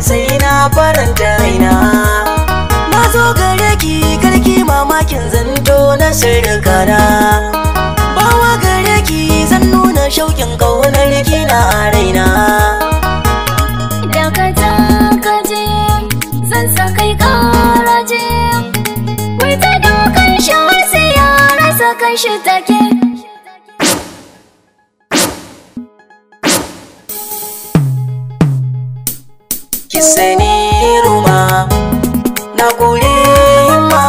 sai na faranta raina na zo gare ki karki mamakin zanto na sirrikana bawa gare zan nuna shaukin kaunar gina a raina dakata kaje zan sa kai karaje wai ta dokan shawar sai ya rasa kan shi take sani ruma na kure ma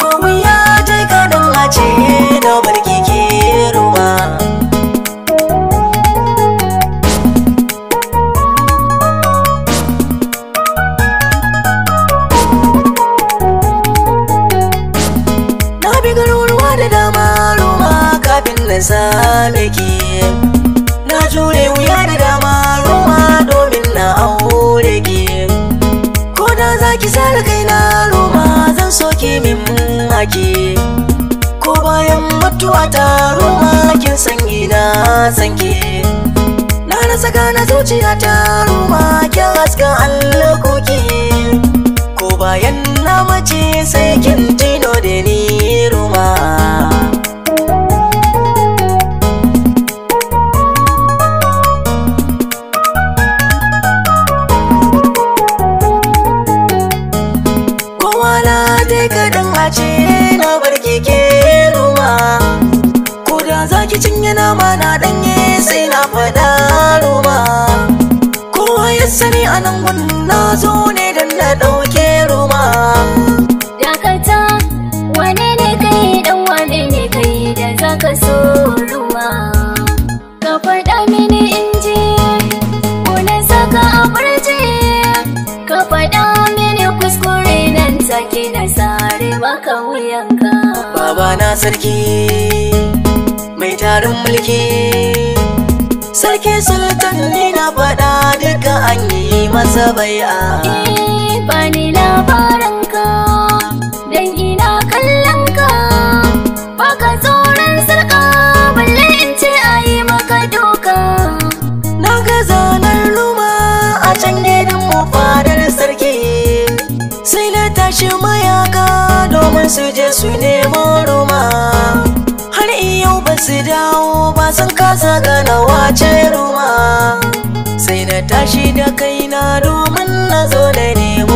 komai ya je ganin ace da barkike ruma na bi garuruwa da dama ruma kafin na same ki na jure wuya da dama ki zara kai na roba zan soke min maki ko bayan mutuwa ta roba kin sanyi na ki na rasa kana zuciya ta roba kin haska ko sai kaɗan a na bar keke ruwa ko da zaki cinye nama na ɗanye sai na faɗa ruwa kowa ya sani a nan na zo ne don na ɗauke ruwa na sarki mai tarin mulki sarki sultan ne na faɗa duka an yi masa bai'a eh, ba ni labarin ka dan ina kallon ka ba ka tsoron sarka balle in ce a yi maka doka na ga zanen ruma a can gidan mu fadar sarki sai na tashi mayaka domin su je su nemo koma har yau ba su dawo ba sun kasa gana wace ruma sai na tashi da kaina domin na zo da nemo